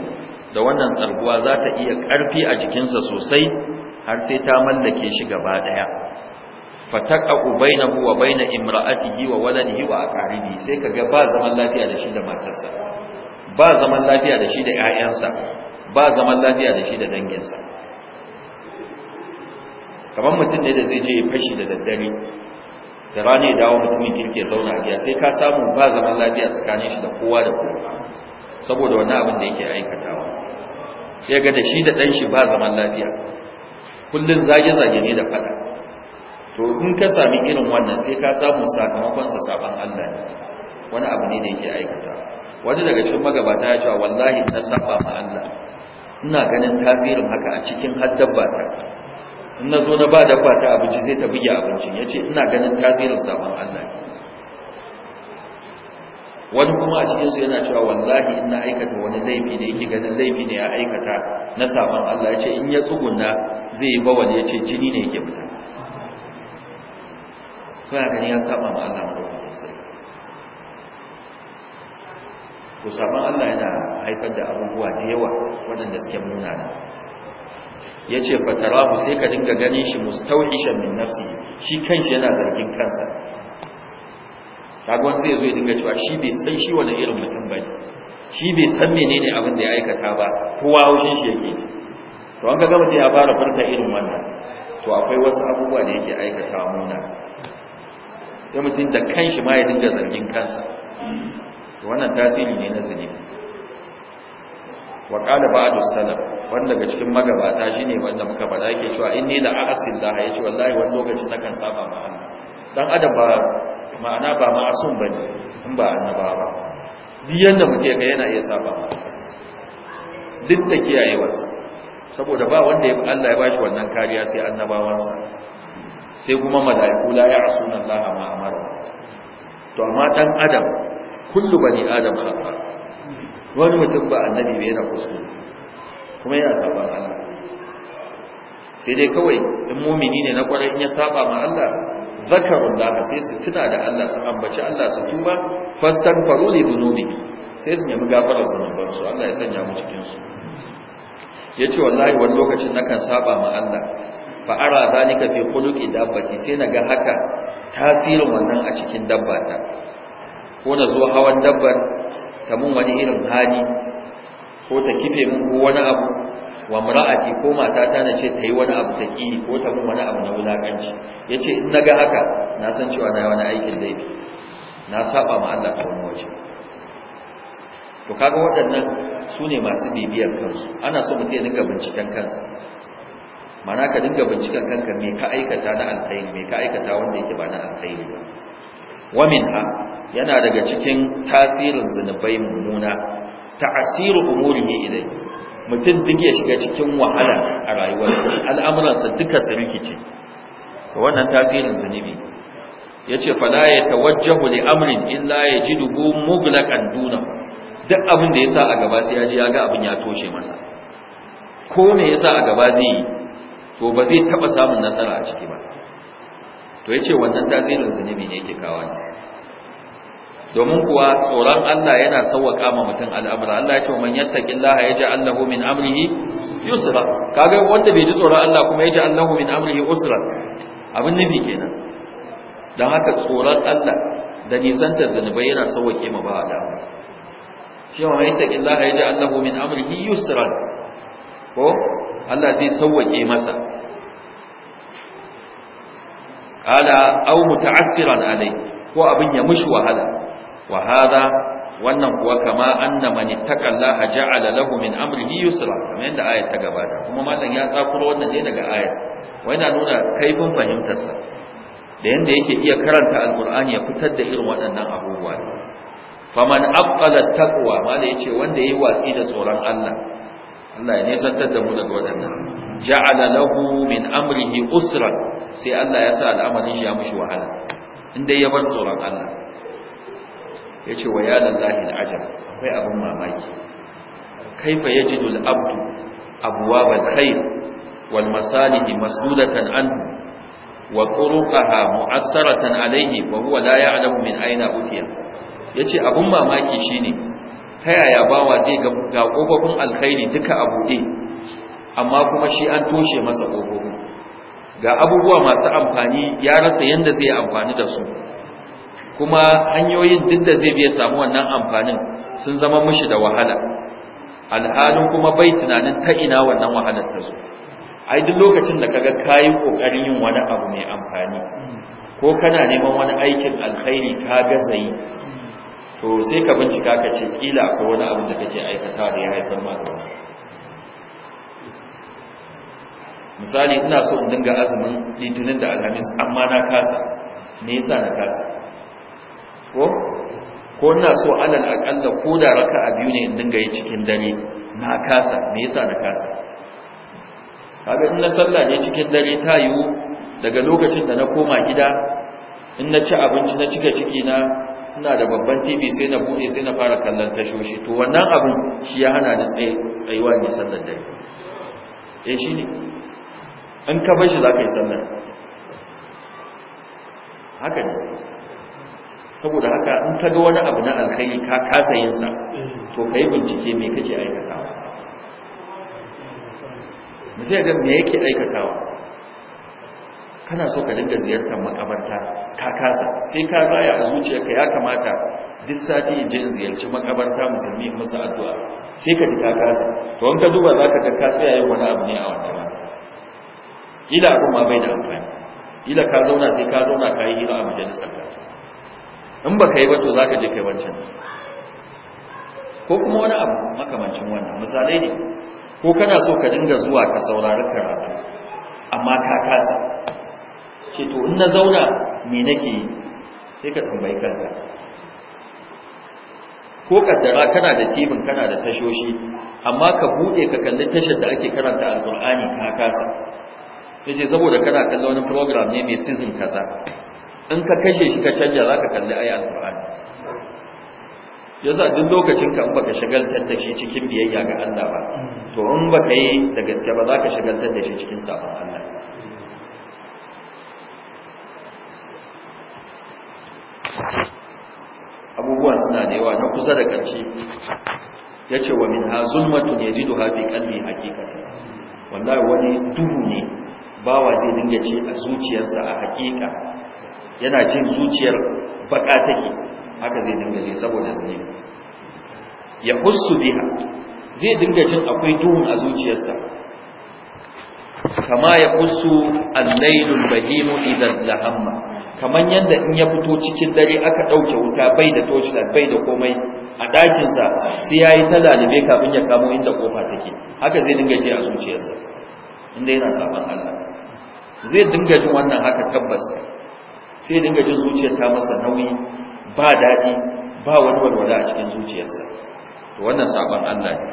da wannan tsarguwa za ta iya ƙarfi a jikinsa sosai har sai ta mallake shi gaba ɗaya fataqaqu bainahu wa bain imra'atihi wa waladihi wa aqaribi sai kaga ba zaman lafiya da shi da matarsa ba zaman lafiya da shi da 'ya'yansa ba zaman lafiya da shi da danginsa kamar mutum ne da zai je ya fashi da daddare da rani ya dawo mutumin kirki zauna a gida sai ka samu ba zaman lafiya tsakanin shi da kowa da kowa saboda wannan abin da yake aikatawa sai ga da shi da ɗan shi ba zaman lafiya kullum zage-zage ne da faɗa. to in ka sami irin wannan sai ka samu sakamakonsa saban Allah ne wani abu ne da yake aikatawa wani daga cikin magabata ya cewa wallahi ta saba ma Allah ina ganin tasirin haka a cikin har dabba ta in na zo na ba dabba ta abinci zai ta buge abincin ya ce ina ganin tasirin saban Allah wani kuma a cikinsu yana cewa wallahi in na aikata wani laifi ne yake ganin laifi ne ya aikata na saban Allah ya ce in ya tsuguna zai yi bawal ya ce jini ne yake fita suna ganin ya saba ma Allah madaukakin sarki to saban Allah yana haifar da abubuwa da yawa waɗanda suke munana ya ce fatarahu sai ka dinga ganin shi mustawishan min nafsi shi kanshi yana zargin kansa kagon sai ya zo ya dinga cewa shi bai san shi wani irin mutum ba shi bai san menene abin da ya aikata ba kowa haushin shi yake ji to an ga gama da ya fara furta irin wannan to akwai wasu abubuwa da yake aikata muna ya mutum da kanshi ma ya dinga zargin kansa to wannan tasiri ne na zunubi wa qala ba'du salaf wanda daga cikin magabata shine wanda muka bada yake cewa inni la asil da yace wallahi wani lokaci nakan saba ma Allah dan adam ba ma'ana ba ma'asum bane in ba annaba ba duk yanda muke ga yana iya saba ma duk da kiyayewarsa saboda ba wanda ya Allah ya bashi wannan kariya sai annabawansa sai kuma mala'iku la asuna Allah ma amara to amma dan adam kullu bani adam khata wani mutum ba annabi bai yana kuskure kuma yana ma Allah sai dai kawai in mumini ne na kwarai in ya saba ma Allah zakarun da sai su tuna da Allah su ambaci Allah su tuba fastaghfiru li dhunubi sai su nemi gafarar zunuban su Allah ya sanya mu cikin su yace wallahi wani lokacin nakan saba ma Allah fa ara zalika fi quluqi dabbati sai naga haka tasirin wannan a cikin ta ko na zo hawan dabbar ta mun wani irin hali ko ta kife mun ko wani abu wa mura'ati ko matata na ce ta yi wani abu ta ƙi ko ta mun wani abu na wulaƙanci. ya ce in na ga haka na san cewa na yi wani aikin laifi na saba ma Allah ta wani waje to kaga waɗannan su ne masu bibiyar kansu ana so mutum ya dinga binciken kansa mana ka dinga binciken kanka me ka aikata na alkhairi me ka aikata wanda yake ba na alkhairi ba wa min ha? yana daga cikin tasirin zunubai mummuna ta'asiru umurihi idan mutum duk ya shiga cikin wahala a rayuwarsa al'amuransa duka su rikice wannan tasirin zunubi yace fala ya tawajjahu li amrin illa yajiduhu muglaqan duna duk abin da yasa a gaba sai ya ji ya ga abin ya toshe masa ko me yasa a gaba zai yi to ba zai taba samun nasara a ciki ba to yace wannan tasirin zunubi ne yake kawo domin kuwa tsoron Allah yana sauwaka ma mutum al'amura Allah ya ce man yattaqillaha yaj'al lahu min amrihi yusra kaga wanda bai ji tsoron Allah kuma yaj'al lahu min amrihi usra abin nufi kenan dan haka tsoron Allah da nisantar zanubai yana sauwake ma ba da shi ma man ya yaj'al lahu min amrihi yusra ko Allah zai sauwake masa qala aw muta'assiran alayhi ko abin ya mushi wahala wa wannan kuwa kama anna man ittaqallaha ja'ala lahu min amrihi yusra kamar yadda ayat ta gabata kuma mallan ya tsakuro wannan ne daga ayat wai na nuna kaifin fahimtar sa da yanda yake iya karanta alqur'ani ya fitar da irin waɗannan abubuwa faman aqala taqwa mallan yace wanda yayi watsi da tsoron Allah Allah ya nisantar da mu daga waɗannan ja'ala lahu min amrihi usra sai Allah ya sa al'amarin shi ya mushi wahala in dai ya bar tsoron Allah ya ce wa ya lallahi al'ajab akwai abin mamaki kaifa ya ji abu, abuwa ba kai wal masalihi masudatan anhu wa ha mu'assaratan alaihi ba huwa la adamu min aina Ya ce abin mamaki shi ne. ta yaya bawa zai ga ƙofofin alkhairi duka a buɗe amma kuma shi an toshe masa ƙofofin. ga abubuwa masu amfani ya rasa yadda zai amfani da su kuma hanyoyin duk da zai biya samu wannan amfanin sun zama mishi da wahala alhalin kuma bai tunanin ta ina wannan wahalar ta zo ai duk lokacin da kaga kayi kokarin yin wani abu mai amfani ko kana neman wani aikin alkhairi ka gaza yi to sai ka bincika ka ce kila akwai wani abu da kake aikatawa da ya haifar ma da misali ina so in dinga azumin litinin da alhamis amma na kasa me yasa na kasa ko ko ina so alal aqalla ko da raka a biyu ne in dinga yi cikin dare na kasa me yasa na kasa kaga in na sallah ne cikin dare ta yiwu daga lokacin da na koma gida in na ci abinci na cika ciki na ina da babban TV sai na bude sai na fara kallon tashoshi to wannan abu shi ya hana ni tsaye tsayuwa ne sallar dare eh ne. in ka bar shi za ka yi sallar haka ne saboda haka in ka ga wani abu na alkhairi ka kasa yin sa to kai bincike me kake aikatawa mutum da me yake aikatawa kana so ka dinga ziyartar makabarta ka kasa sai ka raya a zuciyarka ya kamata duk sati in je in ziyarci makabarta musulmi musu addu'a sai ka ji ka kasa to in ka duba zaka ga ka tsaya yin wani abu ne a wannan rana ila abin ma bai da amfani ila ka zauna sai ka zauna ka yi hira a majalisar ka in ka yi ba to zaka je kai wancan ko kuma wani abu makamancin wannan misalai ne ko kana so ka dinga zuwa ka saurari karatu amma ka kasa ce to in na zauna me nake yi sai ka tambayi kanka ko kaddara kana da tibin kana da tashoshi amma ka buɗe ka kalli tashar da ake karanta alqur'ani ka kasa yace saboda kana kallon wani program ne mai season kaza in ka kashe shi ka canja za ka kalli ayi Ya yasa duk lokacin ka in baka shagaltar da shi cikin biyayya ga Allah ba to in baka yi da gaske ba za ka shagaltar da shi cikin sabon Allah Abubuwan suna da yawa na kusa da ƙarshe ya ce wa min ha zulmatun ya ji duha fi ƙalbi hakikata wallahi wani duhu ne bawa zai dinga ce a zuciyarsa a hakika yana cin zuciyar baka take haka zai dinga ji saboda zai ya hussu biha zai dinga jin akwai duhun a zuciyarsa kama ya kusu allailul bahimu idan lahamma kaman yanda in ya fito cikin dare aka dauke wuta bai da da bai da komai a dakin sa sai yayi ta lalibe kafin ya kamo inda kofa take haka zai dinga ji a zuciyarsa inda yana saban Allah zai dinga jin wannan haka tabbas sai dinga jin zuciyar ta masa nauyi ba daɗi ba wani walwala a cikin zuciyarsa to wannan saban Allah ne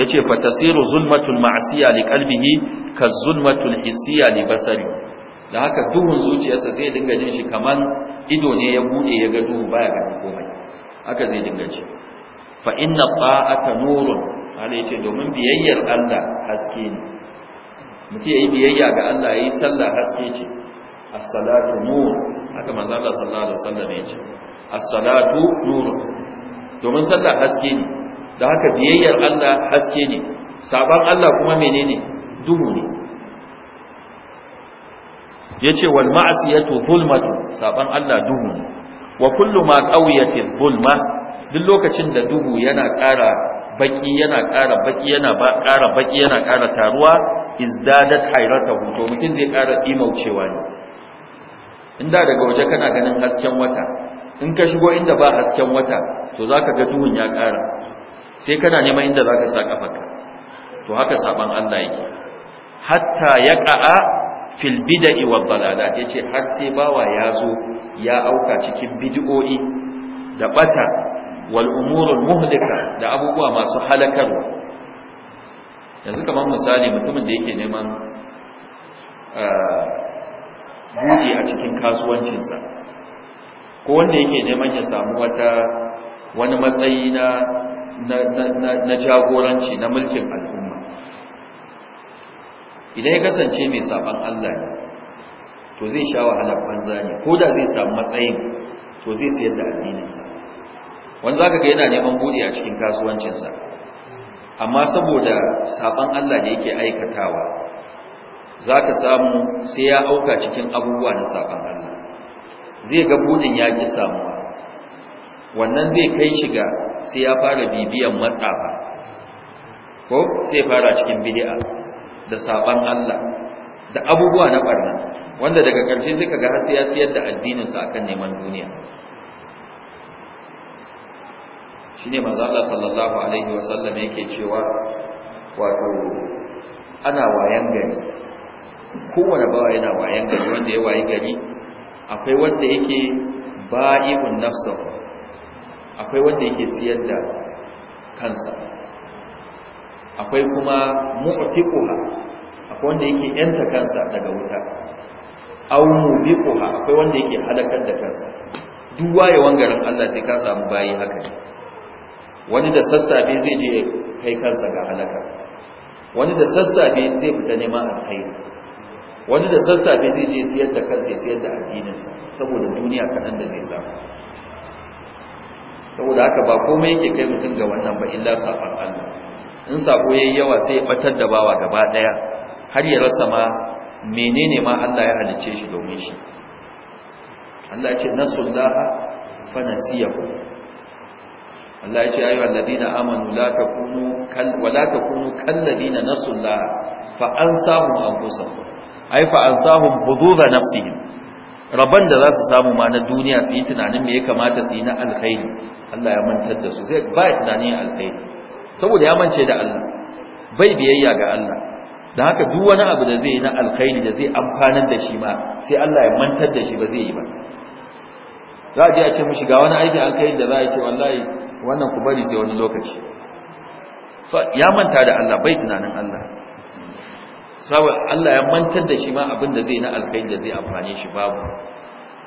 yace fa tasiru zulmatul ma'siya li qalbihi ka zulmatul hissiya li basari da haka duhun zuciyarsa sai dinga jin shi kaman ido ne ya bude ya ga duhu baya ga komai haka zai dinga ji fa inna ta'ata nurun Allah yace domin biyayyar Allah haske ne mutum yayi biyayya ga Allah yayi sallah haske ce as-salatu nur haka manzo Allah sallallahu alaihi wasallam ya ce as-salatu nur domin sallah haske ne da haka biyayyar Allah haske ne saban Allah kuma menene duhu ne yace wal ma'siyatu zulmatu saban Allah duhu ne wa kullu ma qawiyati zulma duk lokacin da duhu yana ƙara baki yana ƙara baki yana ba ƙara baki yana ƙara taruwa izdadat hayratahu to mutum zai ƙara imaucewa ne inda daga waje kana ganin hasken wata in ka shigo inda ba hasken wata to zaka ga duhun ya ƙara sai kana neman inda zaka sa kafarka to haka saban Allah yake hatta yaqa'a fil bid'i wad dalalat yace har sai bawa ya zo ya auka cikin bid'o'i da bata wal umurul muhlika da abubuwa masu halakarwa yanzu kamar misali mutumin da yake neman ah, buɗe a cikin kasuwancinsa ko wanda yake neman ya samu wata wani matsayi na na jagoranci na mulkin al'umma idan ya kasance mai saban Allah ne to zai sha wahalar banza ne ko da zai samu matsayin to zai sayar da addininsa wanda zaka ga yana neman buɗe a cikin kasuwancinsa amma saboda saban Allah ne yake aikatawa za ka samu sai ya auka cikin abubuwa na saban Allah zai ga buɗin ya ƙi samuwa wannan zai kai shiga sai ya fara bibiyan matsafa ko sai fara cikin bidi'a da saban Allah da abubuwa na barna wanda daga ƙarshe suka ga har sai ya siyar da addininsa akan neman duniya shine manzo Allah sallallahu alaihi wasallam yake cewa wato ana wayan gari kowane bawa yana wayan gari wanda ya wayi gari akwai wanda yake ba'ibun nafsa akwai wanda yake siyar da kansa akwai kuma mu'tiquha akwai wanda yake yanta kansa daga wuta aw mubiquha akwai wanda yake halakar da kansa duk wayewan garin Allah sai ka samu bayi haka wani da sassafe zai je kai kansa ga halaka wani da sassafe zai fita neman alkhairi wani da sassafe zai ce siyar da kansa siyar da addininsa saboda duniya kaɗan da zai samu saboda haka ba komai yake kai mutum ga wannan ba illa safar Allah in sako yayi yawa sai ya batar da bawa gaba daya har ya rasa ma menene ma Allah ya halice shi domin shi Allah ya ce nasullaha fa nasiyahu Allah ya ce ayu alladina amanu la takunu kal wala takunu kal ladina nasullaha fa ansahum anfusakum ai fa azahum buzuza nafsihim rabban da za su samu ma na duniya su yi tunanin me ya kamata su yi na alkhairi Allah ya mantar da su sai ba ya tunanin alkhairi saboda ya mance da Allah bai biyayya ga Allah da haka duk wani abu da zai yi na alkhairi da zai amfanar da shi ma sai Allah ya mantar da shi ba zai yi ba za a je a ce mishi ga wani aikin alkhairi da za a ce wallahi wannan ku bari sai wani lokaci ya manta da Allah bai tunanin Allah sabon Allah ya mantar da shi ma abin da zai na alkai da zai amfani shi babu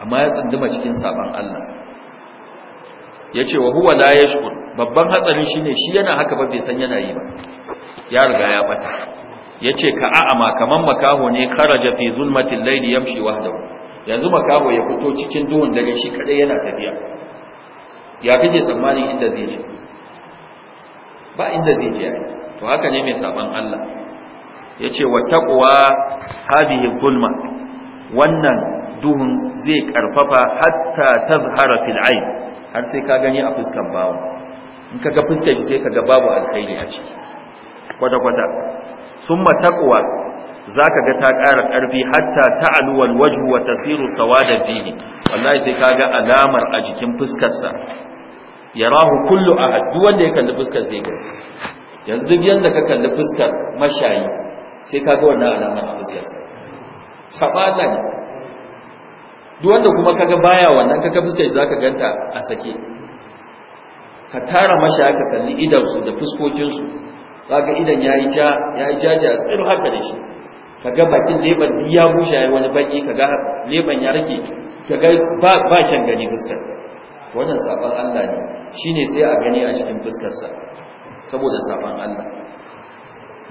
amma ya tsinduma cikin saban Allah Ya ce, wa huwa la shukur babban hatsarin ne, shi yana haka ba san yana yi ba ya riga ya bata ce, ka a'ama kaman makaho ne kharaja fi zulmatil layli yamshi wahdahu yanzu makaho ya fito cikin duhun dare shi kadai yana tafiya ya kake tsammanin inda zai je ba inda zai je to haka ne mai saban Allah yace wa taqwa hadhihi zulma wannan duhun zai karfafa hatta ta zahara fil'a'i har sai ka gani a fuskan bawo in kaga fuskar shi sai kaga babu alkhairi a ciki kwata kwata sun summa za ka ga ta ƙara ƙarfi hatta ta wal wajhu wa tasiru sawada bihi wallahi sai kaga alamar a jikin fuskarsa ya rahu kullu a duk wanda ya kalli fuskar zai gani yanzu duk yanda ka kalli fuskar mashayi sai ka ga wannan alamar a fuskarsa sabata ne duk wanda kuma kaga baya wannan kaga fuskar za ka ganta a sake ka tara mashi ka kalli idon su da fuskokinsu, za ka idan yi ja yi jaja tsirin haka da shi kaga bakin leban duk ya bushe yi wani baki kaga leban ya rike kaga ga ba shan gani fuskar wannan saban Allah ne shine sai a gani a cikin fuskarsa saboda saban Allah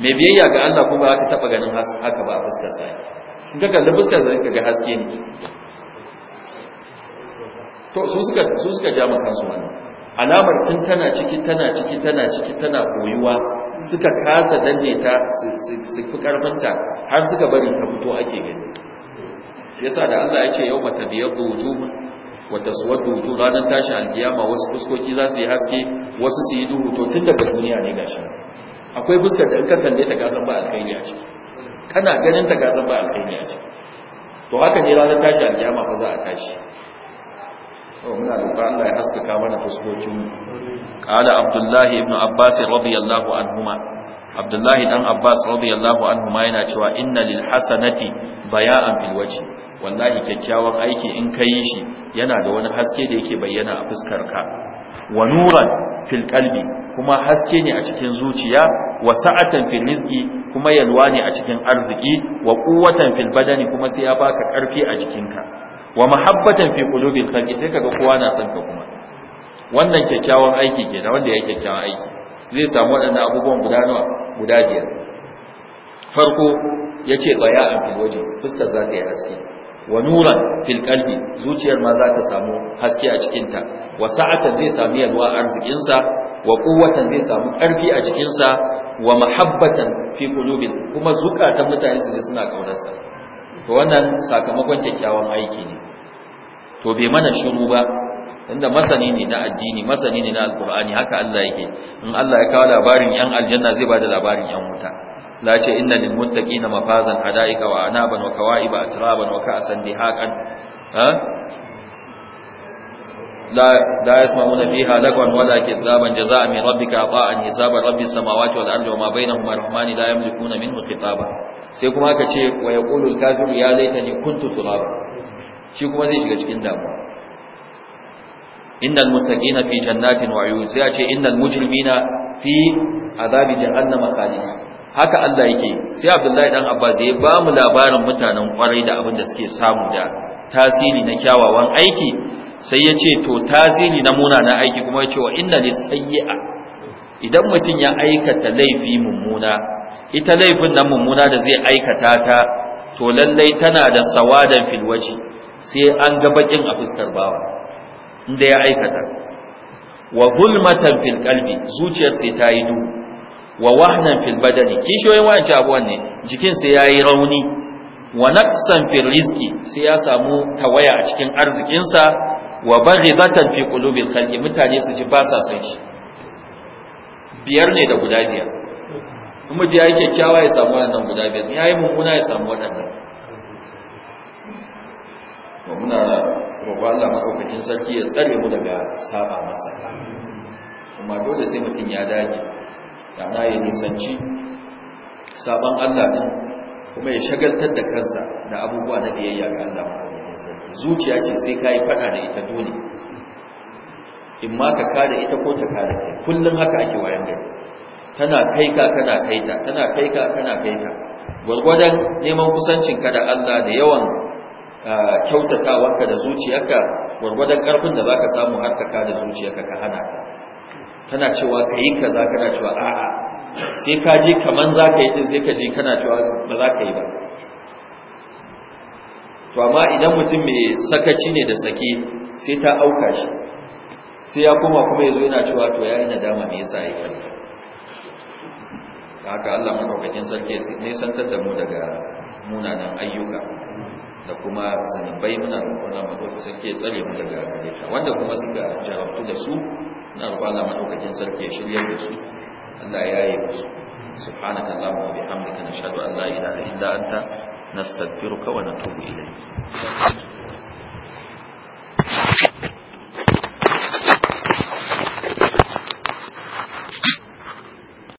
mai biyayya ga Allah kuma aka taba ganin haka ba a fuskar sa in ka kalli fuskar sa ka ga haske ne to su suka su suka ja maka kansu wannan alamar tun tana ciki tana ciki tana ciki tana koyuwa suka kasa danne ta su fi ta har suka bari ta fito ake gani shi yasa da Allah ya ce yau mata biyadu wujuhun wa taswadu wujuh ranar tashi alkiyama wasu fuskoki za su yi haske wasu su yi duhu to tun daga duniya ne gashi akwai buskar da in ka kalle ta gasan ba alkhairi a ciki kana ganin ta gasan ba alkhairi a ciki to haka ne ranar tashi aljama fa za a tashi to muna roƙon Allah ya haskaka mana fuskokin mu qala abdullahi ibn abbas radiyallahu anhuma abdullahi dan abbas radiyallahu anhuma yana cewa inna lil hasanati bayan fil wajhi wallahi kyakkyawan aiki in kai shi yana da wani haske da yake bayyana a fuskar ka wa nuran fil qalbi kuma haske ne a cikin zuciya wa sa'atan fil rizqi kuma yalwa ne a cikin arziki wa quwwatan fil badani kuma sai ya baka karfi a jikinka wa mahabbatan fi qulubil khalqi sai kaga kowa na son ka kuma wannan kyakkyawan aiki ke na wanda ya kyakkyawan aiki zai samu wadannan abubuwan guda nawa guda biyar farko yace baya'an fil waje fuskar za ta yi haske wa nuran fil qalbi zuciyar ma za ta samu haske a cikin ta wa sa'atan zai samu yalwa arzikin sa wa quwwatan zai samu karfi a cikin sa wa mahabbatan fi qulubil kuma zukatan mutane su suna kaunar sa to wannan sakamakon kyakkyawan aiki ne to bai mana shiru ba inda masani ne na addini masani ne na alqur'ani haka Allah yake in Allah ya kawo labarin yan aljanna zai ba da labarin yan wuta la ce inna lil muttaqina mafazan hadaiqa wa anaban wa kawaiba atraban wa ka'san dihaqan ha la la yasma'una fiha lagwan wala kidzaban jazaa'a min rabbika ata'an hisaba rabbis samawati wal ardi wama bainahuma rahmani la yamlikuna minhu khitaba sai kuma aka ce wa yaqulu al kafiru ya laitani kuntu turaba shi kuma zai shiga cikin damuwa innal muttaqina fi jannatin wa uyun sai a ce innal mujrimina fi azabi jahannama khalidun haka Allah yake sai Abdullahi dan Abbas ya ba mu labarin mutanen kwarai da abin da suke samu da tasiri na kyawawan aiki sai ya ce to tasiri na munanan aiki kuma ya ce wa inna sayyi'a idan mutum ya aikata laifi mummuna ita laifin nan mummuna da zai aikata ta to lallai tana da sawadan fil waji sai an ga bakin a fuskar bawa inda ya aikata wa zulmatan fil qalbi zuciyar sai ta yi duhu wa wahnan fil badani kishiyoyin wayanci abuwan ne jikin sai yayi rauni wa naqsan fil rizqi sai ya samu tawaya a cikin arzikinsa wa baghidatan fi qulubil khalqi mutane su ji ba sa san shi biyar ne da guda biyar in mu ji yayi kyakkyawa ya samu wannan guda biyar in yayi mummuna ya samu wannan wa muna roƙo Allah madaukakin sarki ya tsare mu daga saba masa kuma dole sai mutum ya dage ma'ana ya nisanci sabon Allah ɗin kuma ya shagaltar da kansa da abubuwa na biyayya ga Allah zuciya ce sai ka yi fada da ita dole in ma ka kada ita ko ta kada kai kullum haka ake wayan gari tana kai ka kana kai ta tana kai ka kana kai ta gwargwadon neman kusancin ka da Allah da yawan kyautatawarka da zuciyarka gwargwadon karfin da zaka samu har ka kada zuciyarka ka hana ka. tana cewa ka yi kaza kana cewa a'a sai ka je kamar za ka yi din sai ka je kana cewa ba za ka yi ba to amma idan mutum mai sakaci ne da sake sai ta auka shi sai ya koma kuma zo yana cewa to ya yi na dama me yasa yayi kaza haka Allah madaukakin sarki ne santar da mu daga munanan ayyuka da kuma zanubai muna roƙon Allah madaukakin sarki ya tsare mu daga gare wanda kuma suka jarabtu da su na roƙon Allah madaukakin sarki ya shiryar da su Allah ya yi musu subhanaka allahumma wa bihamdika nashhadu an la ilaha illa anta nastaghfiruka wa natubu ilayk